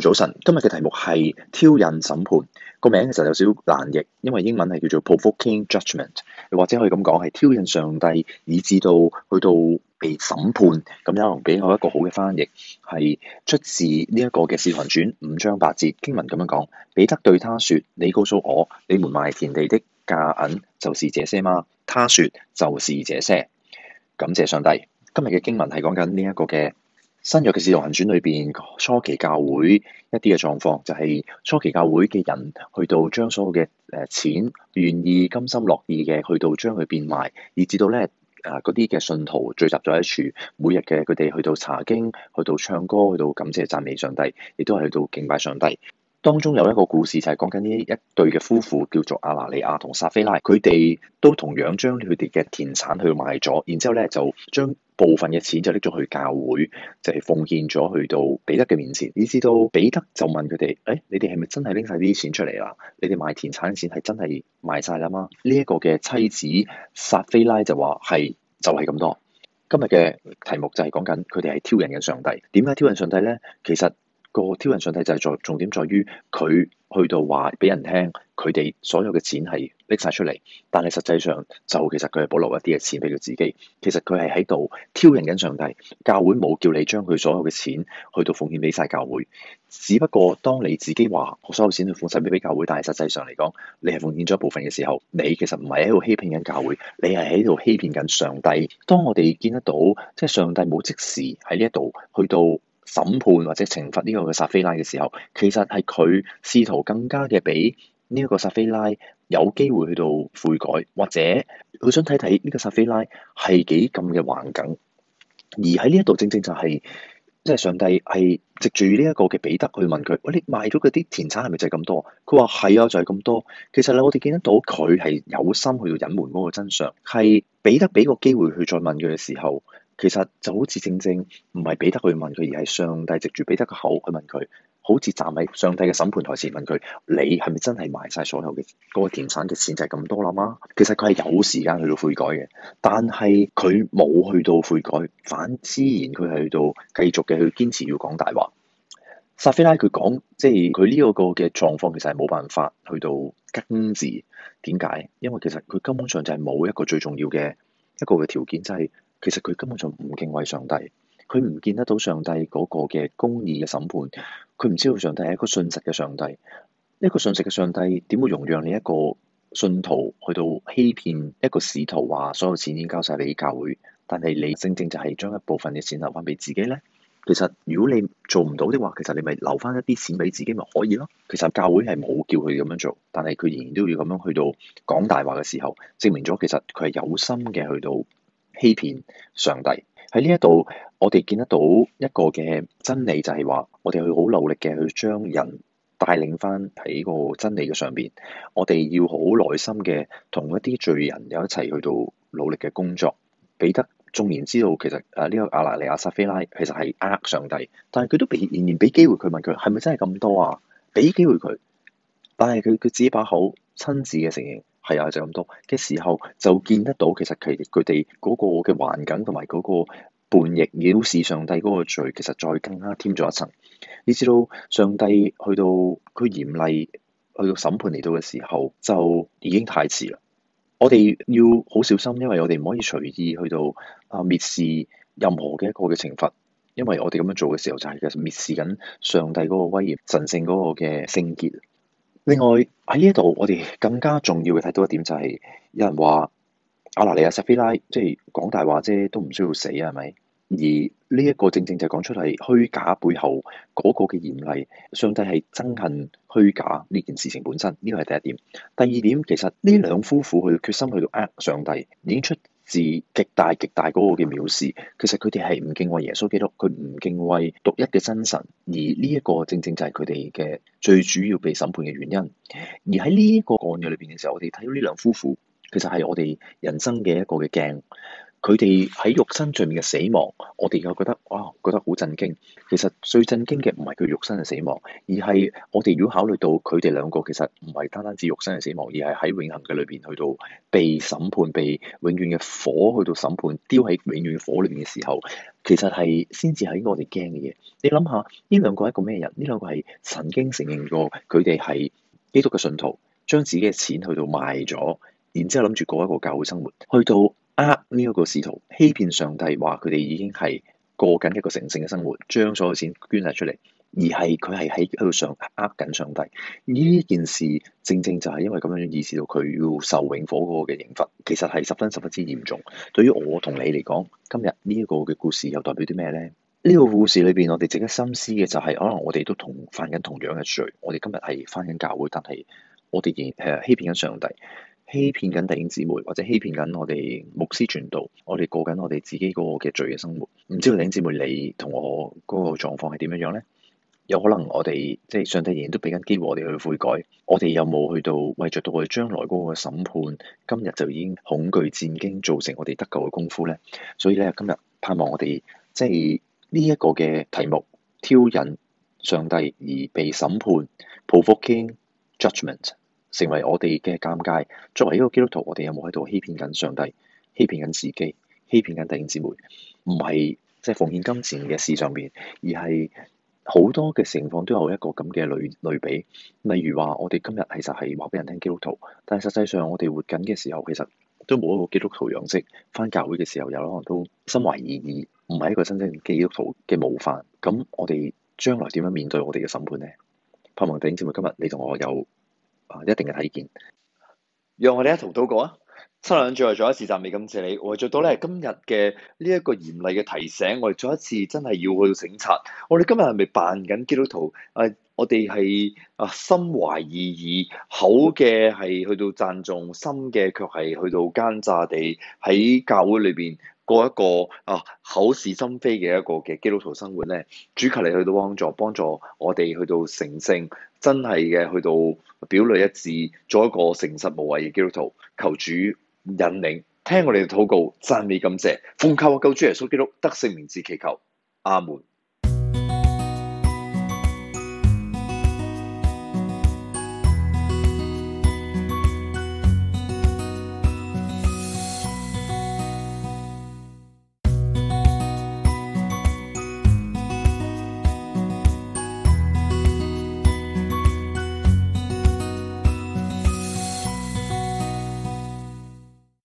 早晨，今日嘅題目係挑釁審判，個名其實有少少難譯，因為英文係叫做 provoking judgment，又或者可以咁講係挑釁上帝，以致到去到被審判。咁有冇俾我一個好嘅翻譯？係出自呢一個嘅《使徒傳》五章八節經文咁樣講。彼得對他說：「你告訴我，你們賣田地的價銀就是這些嗎？他說：就是這些。感謝上帝。今日嘅經文係講緊呢一個嘅。新約嘅《使徒行傳》裏邊，初期教會一啲嘅狀況，就係初期教會嘅人去到將所有嘅誒錢，願意甘心樂意嘅去到將佢變賣，以至到咧啊嗰啲嘅信徒聚集咗一處，每日嘅佢哋去到查經，去到唱歌，去到感謝讚美上帝，亦都係去到敬拜上帝。當中有一個故事就係講緊呢一對嘅夫婦，叫做亞拿尼亞同撒非喇，佢哋都同樣將佢哋嘅田產去賣咗，然之後咧就將，部分嘅錢就拎咗去教會，就係、是、奉獻咗去到彼得嘅面前，以致到彼得就問佢哋：誒、哎，你哋係咪真係拎晒啲錢出嚟啦？你哋賣田產嘅錢係真係賣晒啦嘛？」呢一個嘅妻子撒非喇就話：係就係、是、咁多。今日嘅題目就係講緊佢哋係挑釁嘅上帝，點解挑釁上帝咧？其實。個挑釁上帝就係重點在於佢去到話俾人聽，佢哋所有嘅錢係拎晒出嚟，但係實際上就其實佢係保留一啲嘅錢俾佢自己。其實佢係喺度挑釁緊上帝。教會冇叫你將佢所有嘅錢去到奉獻俾晒教會，只不過當你自己話所有錢去奉獻俾教會，但係實際上嚟講，你係奉獻咗一部分嘅時候，你其實唔係喺度欺騙緊教會，你係喺度欺騙緊上帝。當我哋見得到即係上帝冇即時喺呢一度去到。審判或者懲罰呢個嘅撒非喇嘅時候，其實係佢試圖更加嘅俾呢一個撒非喇有機會去到悔改，或者佢想睇睇呢個撒非喇係幾咁嘅頑梗。而喺呢一度正正就係，即係上帝係藉住呢一個嘅彼得去問佢：餵，你賣咗嗰啲田產係咪就係咁多？佢話係啊，就係咁多。其實我哋見得到佢係有心去到隱瞞嗰個真相，係彼得俾個機會去再問佢嘅時候。其實就好似正正唔係彼得去問佢，而係上帝藉住彼得嘅口去問佢，好似站喺上帝嘅審判台前問佢：你係咪真係賣晒所有嘅嗰個田產嘅錢就係咁多啦？嘛，其實佢係有時間去到悔改嘅，但係佢冇去到悔改，反之然佢係去到繼續嘅去堅持要講大話。撒非喇佢講，即係佢呢個個嘅狀況，其實係冇辦法去到根治。點解？因為其實佢根本上就係冇一個最重要嘅一個嘅條件，就係。其實佢根本就唔敬畏上帝，佢唔見得到上帝嗰個嘅公義嘅審判，佢唔知道上帝係一個信實嘅上帝，一個信實嘅上帝點會容讓你一個信徒去到欺騙一個使徒話：「所有錢已經交曬俾教會，但係你正正就係將一部分嘅錢留翻俾自己呢？」其實如果你做唔到的話，其實你咪留翻一啲錢俾自己咪可以咯。其實教會係冇叫佢咁樣做，但係佢仍然都要咁樣去到講大話嘅時候，證明咗其實佢係有心嘅去到。欺騙上帝。喺呢一度，我哋見得到一個嘅真理，就係話我哋去好努力嘅去將人帶領翻喺個真理嘅上邊。我哋要好耐心嘅同一啲罪人有一齊去到努力嘅工作，彼得縱然知道其實誒呢個亞拿尼亞撒非喇其實係呃上帝，但係佢都俾仍然俾機會佢問佢係咪真係咁多啊？俾機會佢，但係佢佢只把口親自嘅承認。係啊，就咁多嘅時候就見得到，其實佢佢哋嗰個嘅環境同埋嗰個叛逆藐視上帝嗰個罪，其實再更加添咗一層。你知道上帝去到佢嚴厲去到審判嚟到嘅時候，就已經太遲啦。我哋要好小心，因為我哋唔可以隨意去到啊蔑視任何嘅一個嘅懲罰，因為我哋咁樣做嘅時候就係其實蔑視緊上帝嗰個威嚴、神聖嗰個嘅聖潔。另外喺呢度，我哋更加重要嘅睇到一點就係有人話亞拿尼亞、撒非喇，即係講大話啫，都唔需要死啊，係咪？而呢一個正正就講出係虛假背後嗰個嘅嚴厲，上帝係憎恨虛假呢件事情本身，呢個係第一點。第二點，其實呢兩夫婦去決心去到呃上帝，已經出。是極大極大嗰個嘅藐視。其實佢哋係唔敬畏耶穌基督，佢唔敬畏獨一嘅真神，而呢一個正正就係佢哋嘅最主要被審判嘅原因。而喺呢一個個案裏邊嘅時候，我哋睇到呢兩夫婦，其實係我哋人生嘅一個嘅鏡。佢哋喺肉身上面嘅死亡，我哋又覺得哇，覺得好震驚。其實最震驚嘅唔係佢肉身嘅死亡，而係我哋如果考慮到佢哋兩個其實唔係單單只肉身嘅死亡，而係喺永恒嘅裏邊去到被審判，被永遠嘅火去到審判，丟喺永遠嘅火裏邊嘅時候，其實係先至係我哋驚嘅嘢。你諗下，呢兩個係一個咩人？呢兩個係曾經承認過佢哋係基督嘅信徒，將自己嘅錢去到賣咗，然之後諗住過一個教會生活，去到。呃，呢一個試圖欺騙上帝，話佢哋已經係過緊一個誠信嘅生活，將所有錢捐晒出嚟，而係佢係喺喺度想呃緊上帝呢件事，正正就係因為咁樣，意識到佢要受永火嗰個嘅刑罰，其實係十分十分之嚴重。對於我同你嚟講，今日呢一個嘅故事又代表啲咩咧？呢、這個故事裏邊，我哋值得深思嘅就係、是，可能我哋都同犯緊同樣嘅罪。我哋今日係返緊教會，但係我哋仍然係欺騙緊上帝。欺騙緊弟兄姊妹，或者欺騙緊我哋牧師傳道，我哋過緊我哋自己嗰個嘅罪嘅生活，唔知道弟兄姊妹你同我嗰個狀況係點樣樣咧？有可能我哋即係上帝仍然都俾緊機會我哋去悔改，我哋有冇去到為著到我哋將來嗰個審判，今日就已經恐懼戰驚，造成我哋得救嘅功夫咧？所以咧，今日盼望我哋即係呢一個嘅題目挑釁上帝而被審判，Provoking judgment 成為我哋嘅尷尬。作為一個基督徒，我哋有冇喺度欺騙緊上帝、欺騙緊自己、欺騙緊弟兄姊妹？唔係即係奉獻金錢嘅事上面，而係好多嘅情況都有一個咁嘅類類比。例如話，我哋今日其實係話俾人聽基督徒，但係實際上我哋活緊嘅時候，其實都冇一個基督徒樣式。返教會嘅時候有，可能都心懷異意，唔係一個真正基督徒嘅模範。咁我哋將來點樣面對我哋嘅審判呢？盼望弟兄姊妹今日你同我有。啊！一定嘅睇見，讓我哋一同禱告啊！七兩最愛，再一次讚美感謝你。我哋做到咧，今日嘅呢一個嚴厲嘅提醒，我哋再一次真係要去到審察。我哋今日係咪扮緊基督徒？啊！我哋係啊，心懷意義，口嘅係去到讚頌，心嘅卻係去到奸詐地喺教會裏邊。過一個啊，口是心非嘅一個嘅基督徒生活咧，主求你去到幫助，幫助我哋去到成聖，真係嘅去到表裏一致，做一個誠實無偽嘅基督徒。求主引領，聽我哋嘅禱告，讚美感謝，奉靠救主耶穌基督得勝名字祈求，阿門。